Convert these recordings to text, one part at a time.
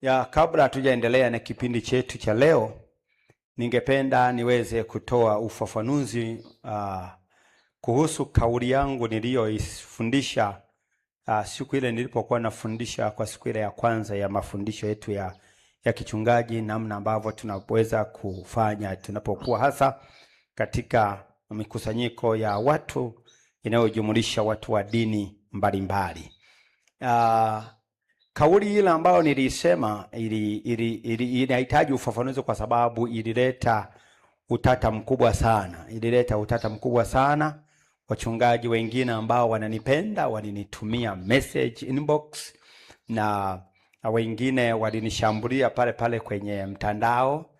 Ya kabla hatujaendelea na kipindi chetu cha leo, ningependa niweze kutoa ufafanuzi uh, kuhusu kauli yangu niliyoifundisha uh, siku ile nilipokuwa nafundisha kwa siku ile ya kwanza ya mafundisho yetu ya, ya kichungaji, namna ambavyo tunaweza kufanya tunapokuwa hasa katika mikusanyiko ya watu inayojumulisha watu wa dini mbalimbali mbali. Uh, Kauli ile ambayo nilisema ili, ili, ili, inahitaji ufafanuzi kwa sababu ilileta utata mkubwa sana, ilileta utata mkubwa sana. Wachungaji wengine ambao wananipenda walinitumia message inbox na, na wengine walinishambulia pale pale kwenye mtandao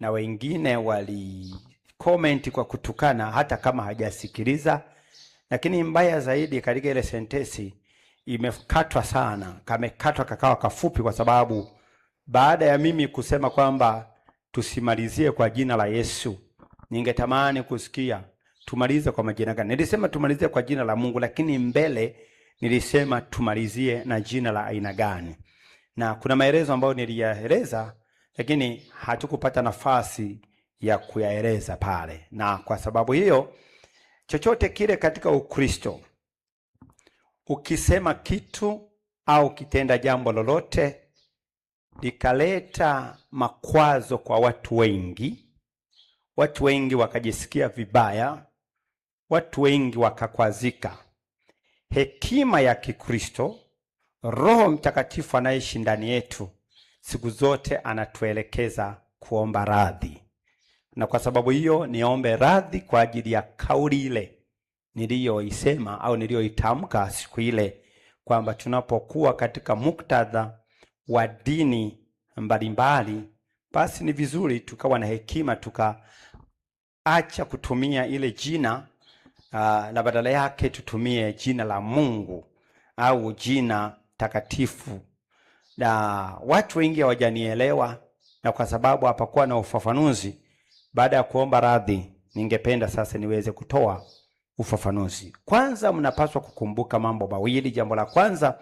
na wengine wali comment kwa kutukana hata kama hajasikiliza, lakini mbaya zaidi katika ile sentesi imekatwa sana, kamekatwa kakawa kafupi, kwa sababu baada ya mimi kusema kwamba tusimalizie kwa jina la Yesu, ningetamani kusikia tumalize kwa majina gani. Nilisema tumalizie kwa jina la Mungu, lakini mbele nilisema tumalizie na jina la aina gani, na kuna maelezo ambayo niliyaeleza, lakini hatukupata nafasi ya kuyaeleza pale, na kwa sababu hiyo chochote kile katika Ukristo Ukisema kitu au kitenda jambo lolote likaleta makwazo kwa watu wengi, watu wengi wakajisikia vibaya, watu wengi wakakwazika. Hekima ya Kikristo, Roho Mtakatifu anaishi ndani yetu, siku zote anatuelekeza kuomba radhi, na kwa sababu hiyo niombe radhi kwa ajili ya kauli ile niliyoisema au niliyoitamka siku ile kwamba tunapokuwa katika muktadha wa dini mbalimbali, basi ni vizuri tukawa na hekima, tukaacha kutumia ile jina uh, na badala yake tutumie jina la Mungu au jina takatifu. Na watu wengi hawajanielewa, na kwa sababu hapakuwa na ufafanuzi, baada ya kuomba radhi, ningependa sasa niweze kutoa ufafanuzi. Kwanza mnapaswa kukumbuka mambo mawili. Jambo la kwanza,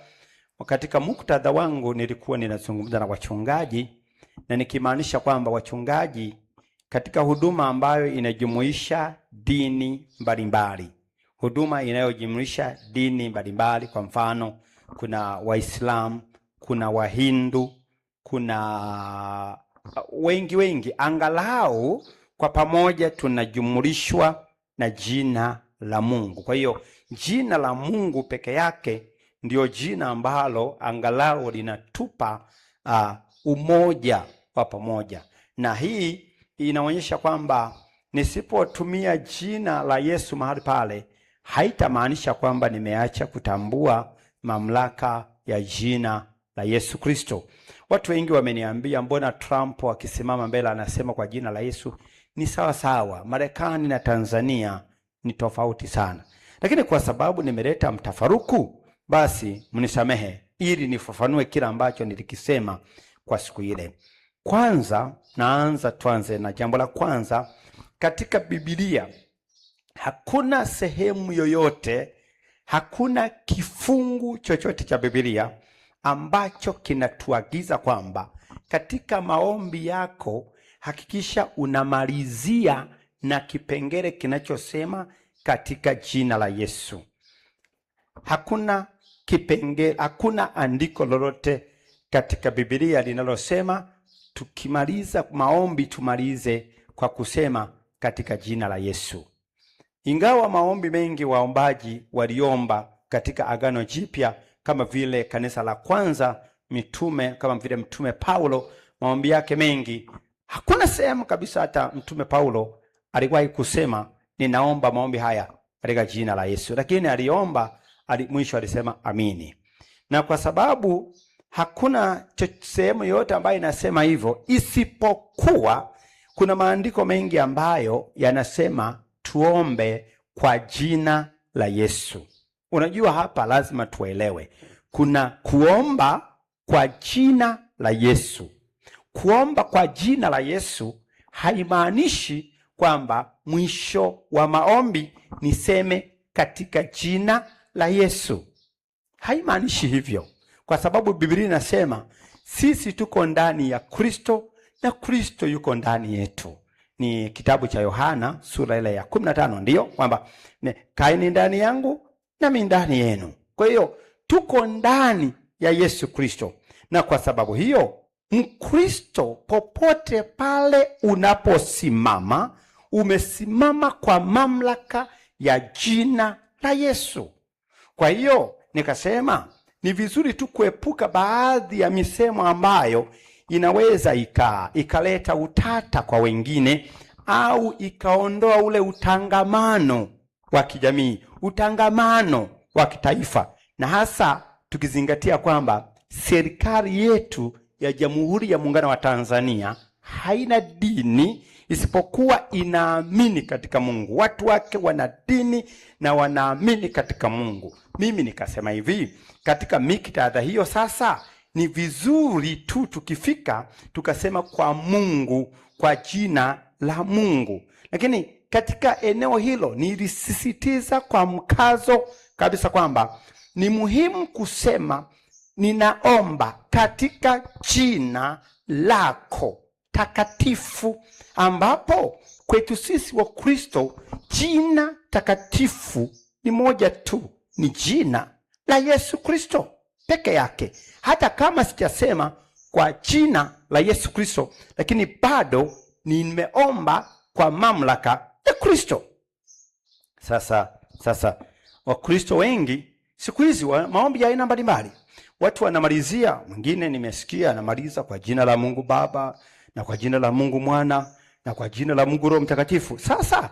katika muktadha wangu nilikuwa ninazungumza na wachungaji na nikimaanisha kwamba wachungaji katika huduma ambayo inajumuisha dini mbalimbali, huduma inayojumuisha dini mbalimbali. Kwa mfano, kuna Waislamu, kuna Wahindu, kuna uh, wengi wengi, angalau kwa pamoja tunajumulishwa na jina la Mungu. Kwa hiyo jina la Mungu peke yake ndio jina ambalo angalau linatupa uh, umoja wa pamoja, na hii inaonyesha kwamba nisipotumia jina la Yesu mahali pale haitamaanisha kwamba nimeacha kutambua mamlaka ya jina la Yesu Kristo. Watu wengi wameniambia, mbona Trump akisimama mbele anasema kwa jina la Yesu? Ni sawa sawa. Marekani na Tanzania ni tofauti sana, lakini kwa sababu nimeleta mtafaruku, basi mnisamehe, ili nifafanue kila ambacho nilikisema kwa siku ile. Kwanza naanza, tuanze na jambo la kwanza. Katika Biblia hakuna sehemu yoyote, hakuna kifungu chochote cha Biblia ambacho kinatuagiza kwamba katika maombi yako hakikisha unamalizia na kipengele kinachosema katika jina la Yesu. Hakuna kipengele, hakuna andiko lolote katika Biblia linalosema tukimaliza maombi tumalize kwa kusema katika jina la Yesu. Ingawa maombi mengi waombaji waliomba katika Agano Jipya, kama vile kanisa la kwanza, mitume kama vile mtume Paulo, maombi yake mengi, hakuna sehemu kabisa hata mtume Paulo aliwahi kusema ninaomba maombi haya katika jina la Yesu, lakini aliomba ali, mwisho alisema amini. Na kwa sababu hakuna sehemu yoyote ambayo inasema hivyo, isipokuwa kuna maandiko mengi ambayo yanasema tuombe kwa jina la Yesu. Unajua, hapa lazima tuelewe, kuna kuomba kwa jina la Yesu. Kuomba kwa jina la Yesu haimaanishi kwamba mwisho wa maombi niseme katika jina la Yesu. Haimaanishi hivyo, kwa sababu Biblia inasema sisi tuko ndani ya Kristo na Kristo yuko ndani yetu. Ni kitabu cha Yohana sura ile ya 15, ndiyo kwamba kaeni ndani yangu nami ndani yenu. Kwa hiyo tuko ndani ya Yesu Kristo, na kwa sababu hiyo Mkristo popote pale unaposimama umesimama kwa mamlaka ya jina la Yesu. Kwa hiyo nikasema ni vizuri tu kuepuka baadhi ya misemo ambayo inaweza ika ikaleta utata kwa wengine au ikaondoa ule utangamano wa kijamii, utangamano wa kitaifa, na hasa tukizingatia kwamba serikali yetu ya Jamhuri ya Muungano wa Tanzania haina dini isipokuwa inaamini katika Mungu. Watu wake wana dini na wanaamini katika Mungu. Mimi nikasema hivi katika miktadha hiyo, sasa ni vizuri tu tukifika tukasema kwa Mungu, kwa jina la Mungu, lakini katika eneo hilo nilisisitiza kwa mkazo kabisa kwamba ni muhimu kusema ninaomba katika jina lako takatifu, ambapo kwetu sisi wa Kristo jina takatifu ni moja tu, ni jina la Yesu Kristo peke yake. Hata kama sijasema kwa jina la Yesu Kristo, lakini bado nimeomba kwa mamlaka ya Kristo. Sasa sasa Wakristo wengi siku hizi wa maombi ya aina mbalimbali, watu wanamalizia, mwingine nimesikia anamaliza kwa jina la Mungu Baba, na kwa jina la Mungu Mwana na kwa jina la Mungu Roho Mtakatifu. Sasa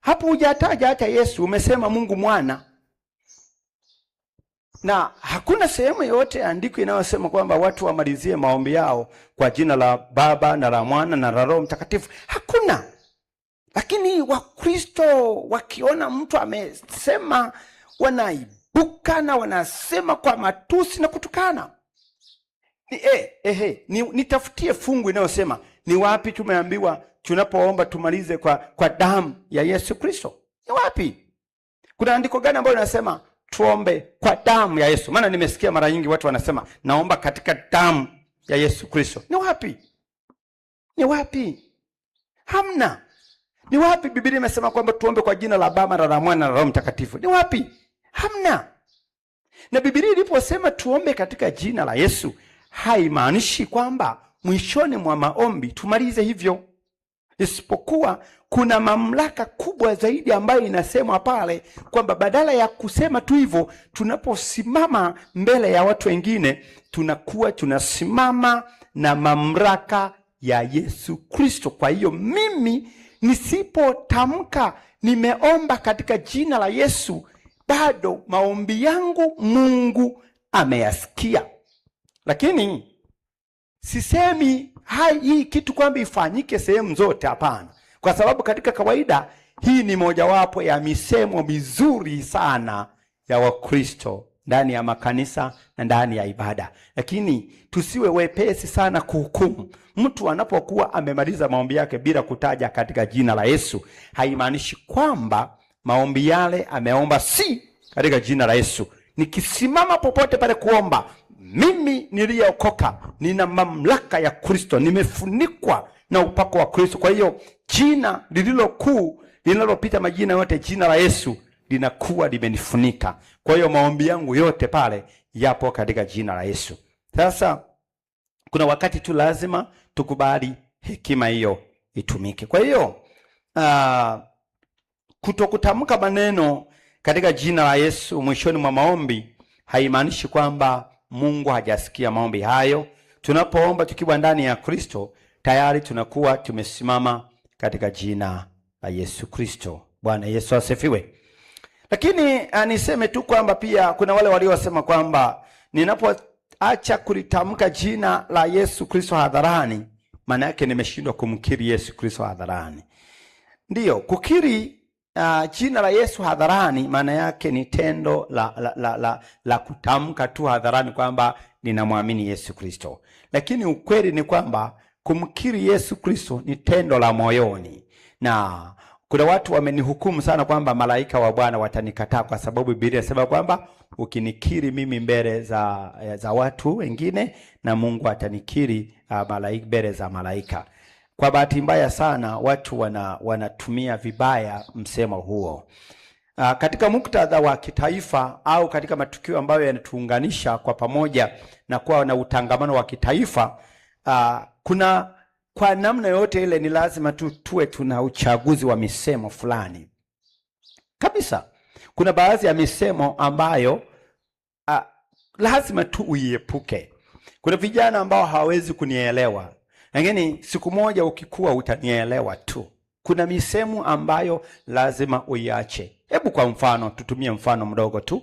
hapo hujataja hata Yesu, umesema Mungu Mwana, na hakuna sehemu yoyote andiko inayosema kwamba watu wamalizie maombi yao kwa jina la Baba na la Mwana na la Roho Mtakatifu, hakuna. Lakini Wakristo wakiona mtu amesema, wanaibuka na wanasema kwa matusi na kutukana ni, eh, eh, eh, ni, nitafutie fungu inayosema ni wapi tumeambiwa tunapoomba tumalize kwa, kwa damu ya Yesu Kristo? Ni wapi? Kuna andiko gani ambayo linasema tuombe kwa damu ya Yesu? Maana nimesikia mara nyingi watu wanasema naomba katika damu ya Yesu Kristo. Ni wapi? Ni wapi? Hamna. Ni wapi Biblia imesema kwamba tuombe kwa jina la Baba na la Mwana na Roho Mtakatifu? Ni wapi? Hamna. Na Biblia iliposema tuombe katika jina la Yesu, haimaanishi kwamba mwishoni mwa maombi tumalize hivyo, isipokuwa kuna mamlaka kubwa zaidi ambayo inasemwa pale kwamba badala ya kusema tu hivyo, tunaposimama mbele ya watu wengine, tunakuwa tunasimama na mamlaka ya Yesu Kristo. Kwa hiyo mimi nisipotamka nimeomba katika jina la Yesu, bado maombi yangu Mungu ameyasikia. Lakini sisemi hai hii kitu kwamba ifanyike sehemu zote, hapana, kwa sababu katika kawaida hii ni mojawapo ya misemo mizuri sana ya Wakristo ndani ya makanisa na ndani ya ibada, lakini tusiwe wepesi sana kuhukumu. Mtu anapokuwa amemaliza maombi yake bila kutaja katika jina la Yesu, haimaanishi kwamba maombi yale ameomba si katika jina la Yesu nikisimama popote pale kuomba, mimi niliyeokoka nina mamlaka ya Kristo, nimefunikwa na upako wa Kristo. Kwa hiyo jina lililo kuu linalopita majina yote, jina la Yesu linakuwa limenifunika. Kwa hiyo maombi yangu yote pale yapo katika jina la Yesu. Sasa kuna wakati tu lazima tukubali hekima hiyo itumike. Kwa hiyo uh, kutokutamka maneno katika jina la Yesu mwishoni mwa maombi haimaanishi kwamba Mungu hajasikia maombi hayo. Tunapoomba tukiwa ndani ya Kristo, tayari tunakuwa tumesimama katika jina la Yesu Kristo. Bwana Yesu asifiwe. Lakini ah, niseme tu kwamba pia kuna wale waliosema kwamba ninapoacha kulitamka jina la Yesu Kristo hadharani, maana yake nimeshindwa kumkiri Yesu Kristo hadharani. Ndiyo, kukiri Uh, jina la Yesu hadharani maana yake ni tendo la, la, la, la, la kutamka tu hadharani kwamba ninamwamini Yesu Kristo, lakini ukweli ni kwamba kumkiri Yesu Kristo ni tendo la moyoni, na kuna watu wamenihukumu sana kwamba malaika wa Bwana watanikataa kwa sababu Biblia inasema kwamba ukinikiri mimi mbele za, za watu wengine na Mungu atanikiri uh, malaika mbele za malaika. Kwa bahati mbaya sana watu wana, wanatumia vibaya msemo huo. Uh, katika muktadha wa kitaifa au katika matukio ambayo yanatuunganisha kwa pamoja na kuwa na utangamano wa kitaifa uh, kuna kwa namna yote ile ni lazima tu tuwe tuna uchaguzi wa misemo fulani kabisa. Kuna baadhi ya misemo ambayo uh, lazima tu uiepuke. Kuna vijana ambao hawawezi kunielewa lakini siku moja ukikua utanielewa tu. Kuna misemo ambayo lazima uiache. Hebu kwa mfano, tutumie mfano mdogo tu.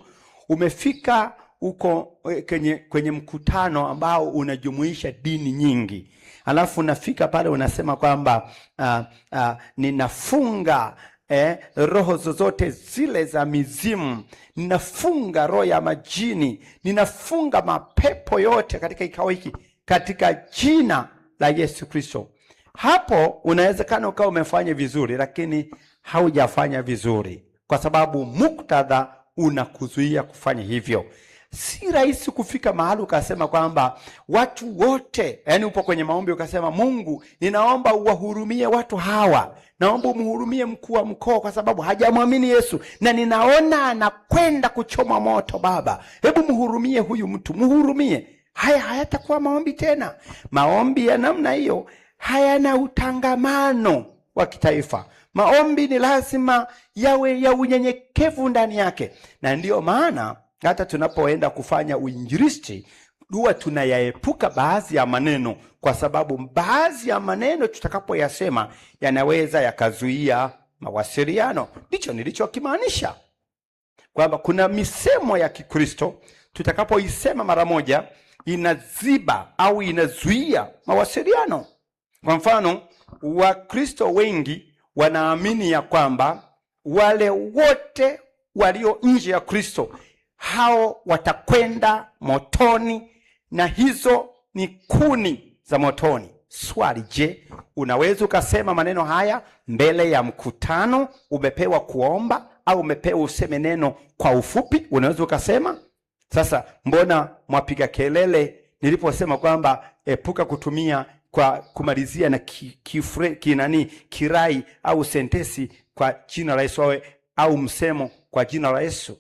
Umefika uko eh, kwenye, kwenye mkutano ambao unajumuisha dini nyingi, alafu unafika pale unasema kwamba uh, uh, ninafunga eh, roho zozote zile za mizimu, ninafunga roho ya majini, ninafunga mapepo yote katika kikao hiki katika jina la Yesu Kristo. Hapo unawezekana ukawa umefanya vizuri, lakini haujafanya vizuri kwa sababu muktadha unakuzuia kufanya hivyo. Si rahisi kufika mahali ukasema kwamba watu wote, yaani upo kwenye maombi ukasema, Mungu, ninaomba uwahurumie watu hawa, naomba umhurumie mkuu wa mkoa kwa sababu hajamwamini Yesu na ninaona anakwenda kuchomwa moto. Baba, hebu mhurumie huyu mtu, mhurumie haya hayatakuwa maombi tena. Maombi ya namna hiyo hayana utangamano wa kitaifa. Maombi ni lazima yawe ya unyenyekevu ndani yake, na ndiyo maana hata tunapoenda kufanya uinjilisti huwa tunayaepuka baadhi ya maneno, kwa sababu baadhi ya maneno tutakapoyasema yanaweza yakazuia mawasiliano. Ndicho nilichokimaanisha kwamba kuna misemo ya Kikristo tutakapoisema mara moja inaziba au inazuia mawasiliano. Kwa mfano, Wakristo wengi wanaamini ya kwamba wale wote walio nje ya Kristo hao watakwenda motoni, na hizo ni kuni za motoni. Swali, je, unaweza ukasema maneno haya mbele ya mkutano? Umepewa kuomba au umepewa useme neno kwa ufupi, unaweza ukasema sasa mbona mwapiga kelele niliposema kwamba epuka kutumia kwa kumalizia na ki, kifre, kinani kirai au sentesi kwa jina la Yesu awe au msemo kwa jina la Yesu?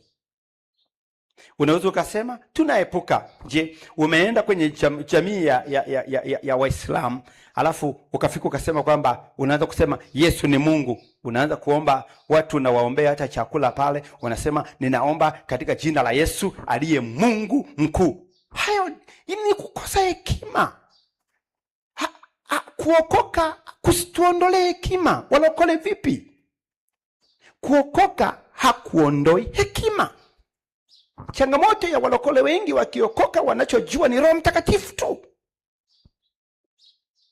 Unaweza ukasema tunaepuka. Je, umeenda kwenye jamii ya, ya, ya, ya, ya Waislamu alafu ukafika ukasema kwamba unaanza kusema Yesu ni Mungu, unaanza kuomba watu na hata chakula pale, unasema ninaomba katika jina la Yesu aliye Mungu mkuu. Hayo ni kukosa hekima. Kuokoka kusituondolee hekima. Walokole vipi? Kuokoka hakuondoi hekima. Changamoto ya walokole wengi wakiokoka, wanachojua ni Roho Mtakatifu tu.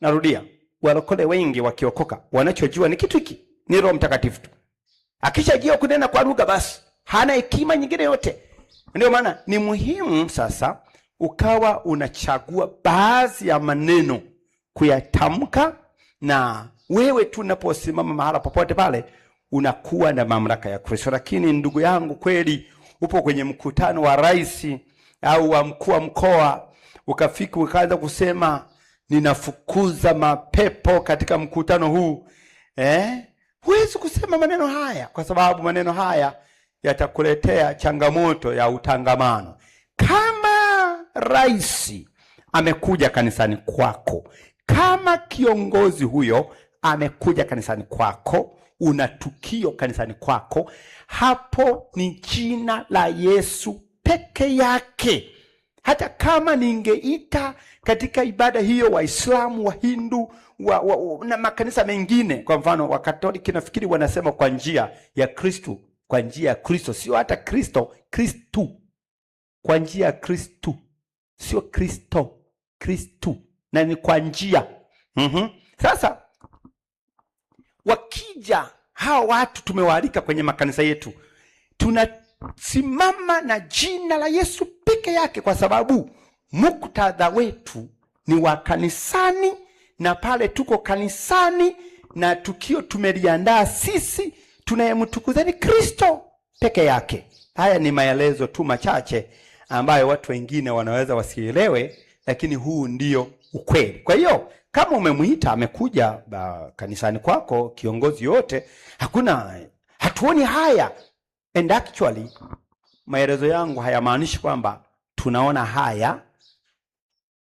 Narudia, walokole wengi wakiokoka, wanachojua ni kitu hiki, ni Roho Mtakatifu tu. Akishajua kunena kwa lugha, basi hana hekima nyingine yote. Ndio maana ni muhimu sasa ukawa unachagua baadhi ya maneno kuyatamka, na wewe tu unaposimama mahala popote pale unakuwa na mamlaka ya Kristo. Lakini ndugu yangu, kweli upo kwenye mkutano wa rais au wa mkuu wa mkoa, ukafika ukaanza kusema ninafukuza mapepo katika mkutano huu eh? Huwezi kusema maneno haya, kwa sababu maneno haya yatakuletea changamoto ya utangamano. Kama rais amekuja kanisani kwako, kama kiongozi huyo amekuja kanisani kwako, una tukio kanisani kwako hapo ni jina la Yesu peke yake. Hata kama ningeita katika ibada hiyo Waislamu, Wahindu wa, wa, na makanisa mengine, kwa mfano Wakatoliki nafikiri wanasema kwa njia ya Kristu, kwa njia ya Kristo, sio hata Kristo, Kristu, kwa njia ya Kristu, sio Kristo, Kristu, na ni kwa njia mm -hmm. Sasa wakija Hawa watu tumewaalika kwenye makanisa yetu, tunasimama na jina la Yesu peke yake, kwa sababu muktadha wetu ni wa kanisani, na pale tuko kanisani na tukio tumeliandaa sisi, tunayemtukuza ni Kristo peke yake. Haya ni maelezo tu machache ambayo watu wengine wanaweza wasielewe, lakini huu ndio ukweli. Kwa hiyo kama umemwita amekuja uh, kanisani kwako, kiongozi yote, hakuna hatuoni haya. And actually maelezo yangu hayamaanishi kwamba tunaona haya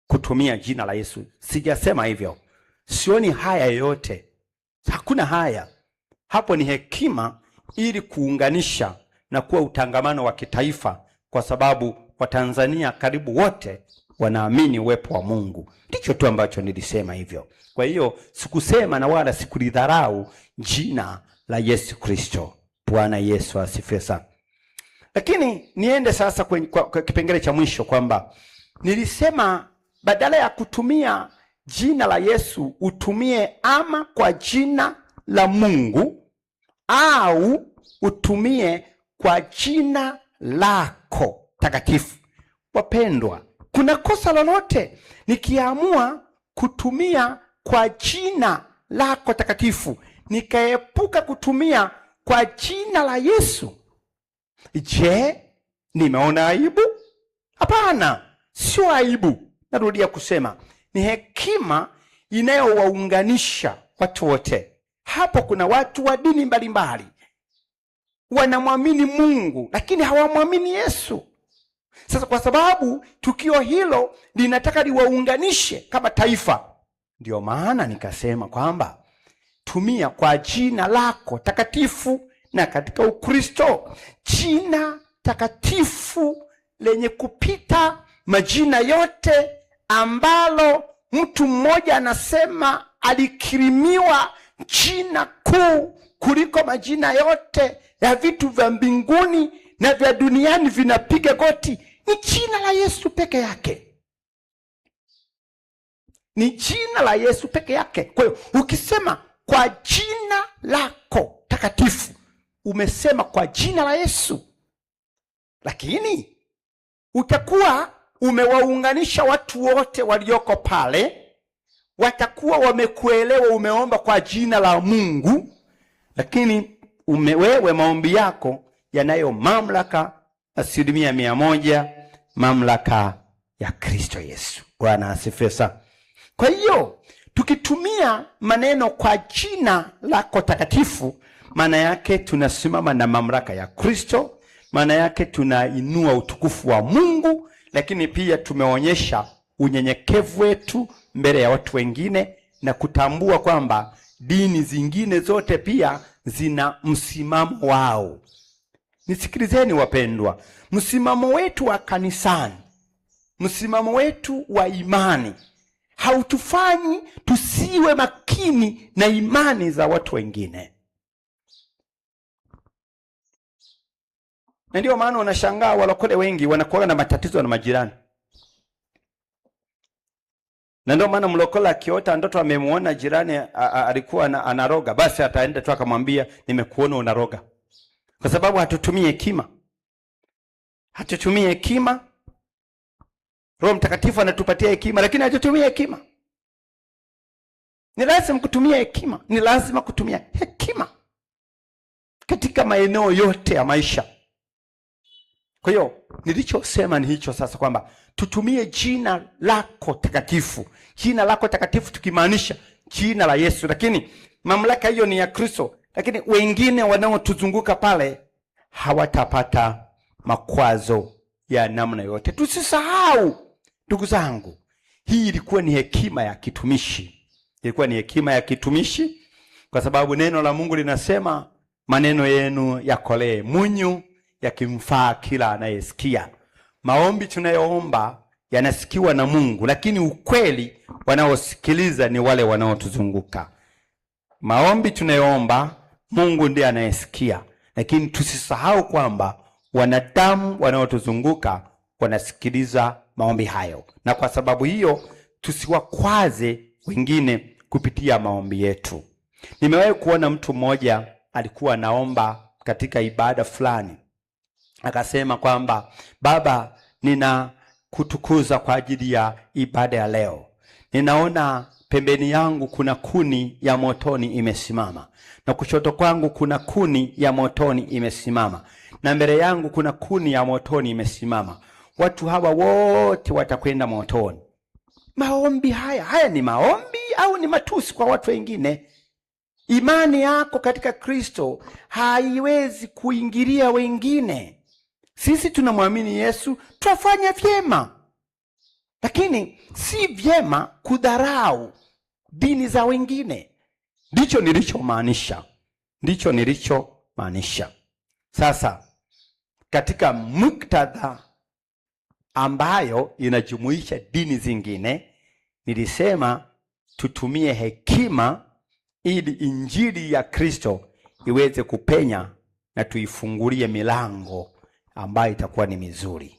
kutumia jina la Yesu. Sijasema hivyo, sioni haya yote, hakuna haya hapo. Ni hekima ili kuunganisha na kuwa utangamano wa kitaifa, kwa sababu Watanzania karibu wote wanaamini uwepo wa Mungu. Ndicho tu ambacho nilisema hivyo. Kwa hiyo sikusema na wala sikulidharau jina la Yesu Kristo. Bwana Yesu asifiwe sana. Lakini niende sasa kwenye, kwa, kwa kipengele cha mwisho kwamba nilisema badala ya kutumia jina la Yesu utumie ama kwa jina la Mungu au utumie kwa jina lako takatifu. Wapendwa, kuna kosa lolote nikiamua kutumia kwa jina lako takatifu, nikaepuka kutumia kwa jina la Yesu, je, nimeona aibu? Hapana, sio aibu. Narudia kusema ni hekima inayowaunganisha watu wote. Hapo kuna watu wa dini mbalimbali wanamwamini Mungu lakini hawamwamini Yesu. Sasa kwa sababu tukio hilo linataka liwaunganishe kama taifa, ndio maana nikasema kwamba tumia kwa jina lako takatifu na katika Ukristo, jina takatifu lenye kupita majina yote, ambalo mtu mmoja anasema alikirimiwa jina kuu kuliko majina yote ya vitu vya mbinguni na vya duniani vinapiga goti, ni jina la Yesu peke yake, ni jina la Yesu peke yake. Kwa hiyo ukisema kwa jina lako takatifu, umesema kwa jina la Yesu, lakini utakuwa umewaunganisha watu wote walioko pale, watakuwa wamekuelewa, umeomba kwa jina la Mungu, lakini umewewe maombi yako yanayo mamlaka asilimia mia moja, mamlaka ya Kristo Yesu. Bwana asifiwe sana. Kwa hiyo tukitumia maneno kwa jina lako takatifu, maana yake tunasimama na mamlaka ya Kristo, maana yake tunainua utukufu wa Mungu, lakini pia tumeonyesha unyenyekevu wetu mbele ya watu wengine na kutambua kwamba dini zingine zote pia zina msimamo wao. Nisikilizeni wapendwa, msimamo wetu wa kanisani, msimamo wetu wa imani hautufanyi tusiwe makini na imani za watu wengine, na ndio maana wanashangaa walokole wengi wanakuwa na matatizo na majirani, na ndio maana mlokole akiota ndoto amemwona jirani alikuwa anaroga, basi ataenda tu akamwambia, nimekuona unaroga kwa sababu hatutumii hekima, hatutumii hekima. Roho Mtakatifu anatupatia hekima, lakini hatutumii hekima. Ni lazima kutumia hekima, ni lazima kutumia hekima katika maeneo yote ya maisha. Kwa hiyo nilichosema ni hicho sasa, kwamba tutumie jina lako takatifu. Jina lako takatifu tukimaanisha jina la Yesu, lakini mamlaka hiyo ni ya Kristo lakini wengine wanaotuzunguka pale hawatapata makwazo ya namna yote. Tusisahau ndugu zangu, hii ilikuwa ni hekima ya kitumishi, ilikuwa ni hekima ya kitumishi, kwa sababu neno la Mungu linasema maneno yenu yakolee munyu, yakimfaa kila anayesikia. Maombi tunayoomba yanasikiwa na Mungu, lakini ukweli wanaosikiliza ni wale wanaotuzunguka. Maombi tunayoomba Mungu ndiye anayesikia, lakini tusisahau kwamba wanadamu wanaotuzunguka wanasikiliza maombi hayo, na kwa sababu hiyo tusiwakwaze wengine kupitia maombi yetu. Nimewahi kuona mtu mmoja alikuwa anaomba katika ibada fulani, akasema kwamba Baba, nina kutukuza kwa ajili ya ibada ya leo, ninaona pembeni yangu kuna kuni ya motoni imesimama, na kushoto kwangu kuna kuni ya motoni imesimama, na mbele yangu kuna kuni ya motoni imesimama. Watu hawa wote watakwenda motoni. Maombi haya haya ni maombi au ni matusi kwa watu wengine? Imani yako katika Kristo haiwezi kuingilia wengine. Sisi tunamwamini Yesu, twafanya vyema, lakini si vyema kudharau dini za wengine. Ndicho nilichomaanisha, ndicho nilichomaanisha. Sasa katika muktadha ambayo inajumuisha dini zingine, nilisema tutumie hekima ili injili ya Kristo iweze kupenya na tuifungulie milango ambayo itakuwa ni mizuri.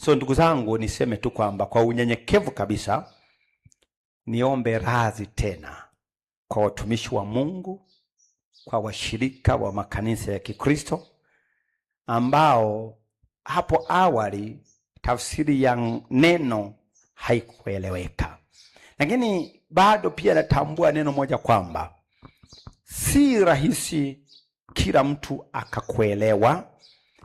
So ndugu zangu, niseme tu kwamba kwa unyenyekevu kabisa niombe radhi tena kwa watumishi wa Mungu, kwa washirika wa makanisa ya Kikristo ambao hapo awali tafsiri ya neno haikueleweka, lakini bado pia natambua neno moja kwamba si rahisi kila mtu akakuelewa,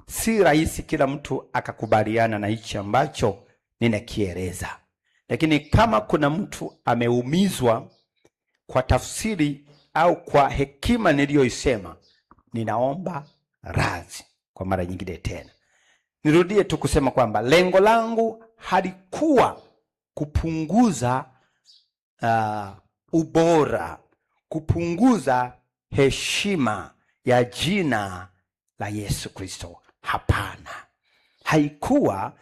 si rahisi kila mtu akakubaliana na hichi ambacho ninakieleza. Lakini kama kuna mtu ameumizwa kwa tafsiri au kwa hekima niliyoisema, ninaomba radhi kwa mara nyingine tena. Nirudie tu kusema kwamba lengo langu halikuwa kupunguza uh, ubora, kupunguza heshima ya jina la Yesu Kristo. Hapana, haikuwa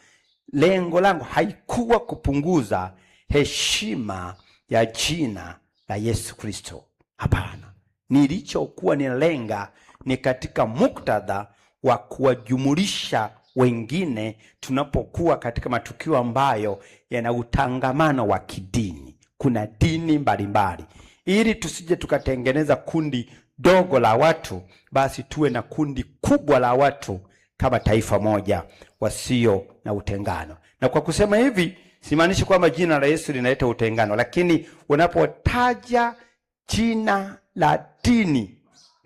lengo langu haikuwa kupunguza heshima ya jina la Yesu Kristo. Hapana, nilichokuwa lenga ni katika muktadha wa kuwajumulisha wengine tunapokuwa katika matukio ambayo yana utangamano wa kidini, kuna dini mbalimbali, ili tusije tukatengeneza kundi dogo la watu, basi tuwe na kundi kubwa la watu kama taifa moja, wasio na utengano. Na kwa kusema hivi simaanishi kwamba jina la Yesu linaleta utengano, lakini unapotaja jina la dini,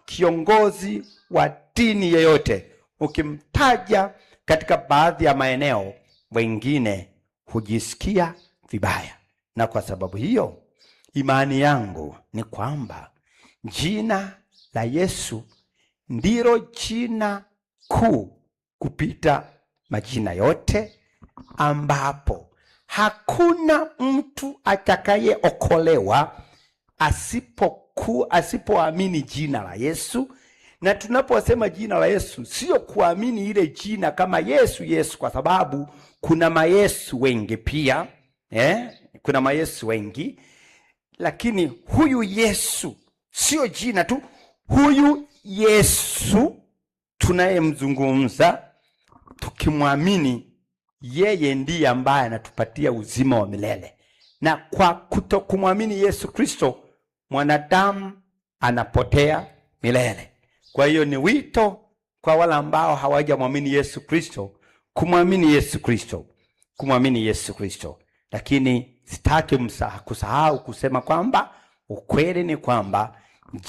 kiongozi wa dini yeyote ukimtaja katika baadhi ya maeneo, wengine hujisikia vibaya. Na kwa sababu hiyo, imani yangu ni kwamba jina la Yesu ndilo jina kuu kupita majina yote, ambapo hakuna mtu atakayeokolewa asipoku asipoamini jina la Yesu. Na tunaposema jina la Yesu, sio kuamini ile jina kama Yesu Yesu, kwa sababu kuna mayesu wengi pia eh? Kuna mayesu wengi, lakini huyu Yesu sio jina tu, huyu Yesu tunayemzungumza tukimwamini yeye ndiye ambaye anatupatia uzima wa milele. Na kwa kutokumwamini Yesu Kristo, mwanadamu anapotea milele. Kwa hiyo ni wito kwa wale ambao hawajamwamini Yesu Kristo kumwamini Yesu Kristo, kumwamini Yesu Kristo. Lakini sitaki kusahau kusema kwamba ukweli ni kwamba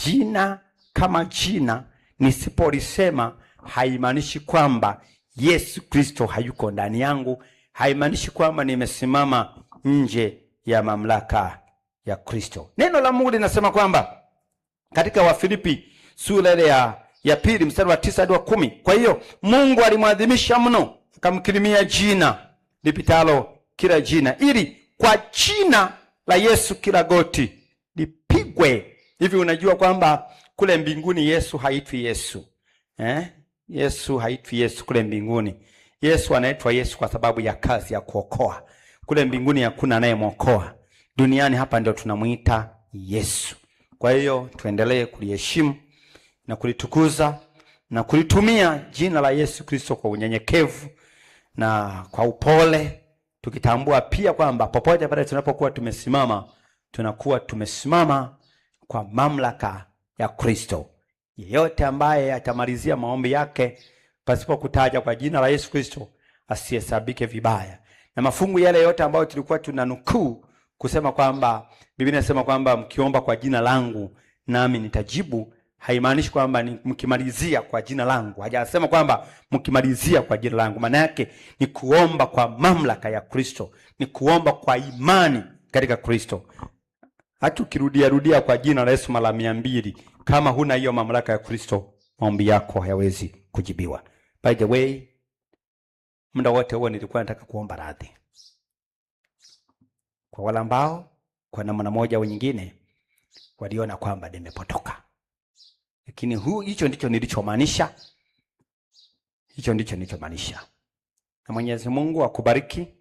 jina kama jina nisipolisema haimaanishi kwamba Yesu Kristo hayuko ndani yangu haimaanishi kwamba nimesimama nje ya mamlaka ya Kristo. Neno la Mungu linasema kwamba katika Wafilipi sura ile ya, ya pili mstari wa tisa hadi wa kumi kwa hiyo Mungu alimwadhimisha mno akamkirimia jina lipitalo kila jina, ili kwa jina la Yesu kila goti lipigwe. Hivi unajua kwamba kule mbinguni Yesu haitwi Yesu eh? Yesu haitwi Yesu kule mbinguni. Yesu anaitwa Yesu kwa sababu ya kazi ya kuokoa. Kule mbinguni hakuna anayemwokoa. Duniani hapa ndio tunamuita Yesu. Kwa hiyo tuendelee kuliheshimu na kulitukuza na kulitumia jina la Yesu Kristo kwa unyenyekevu na kwa upole, tukitambua pia kwamba popote pale tunapokuwa tumesimama, tunakuwa tumesimama kwa mamlaka ya Kristo. Yeyote ambaye atamalizia maombi yake pasipo kutaja kwa jina la Yesu Kristo asihesabike vibaya. Na mafungu yale yote ambayo tulikuwa tunanukuu kusema kwamba Biblia inasema kwamba mkiomba kwa jina langu nami nitajibu, haimaanishi kwamba mkimalizia kwa jina langu. Hajasema kwamba mkimalizia kwa jina langu, maana yake ni kuomba kwa mamlaka ya Kristo, ni kuomba kwa imani katika Kristo. Hata ukirudia rudia kwa jina la Yesu mara mia mbili, kama huna hiyo mamlaka ya Kristo, maombi yako hayawezi kujibiwa. By the way, muda wote huo nilikuwa nataka kuomba radhi kwa wale ambao kwa namna moja au nyingine waliona kwamba nimepotoka, lakini huu, hicho ndicho nilichomaanisha, hicho ndicho nilichomaanisha. Na Mwenyezi Mungu akubariki.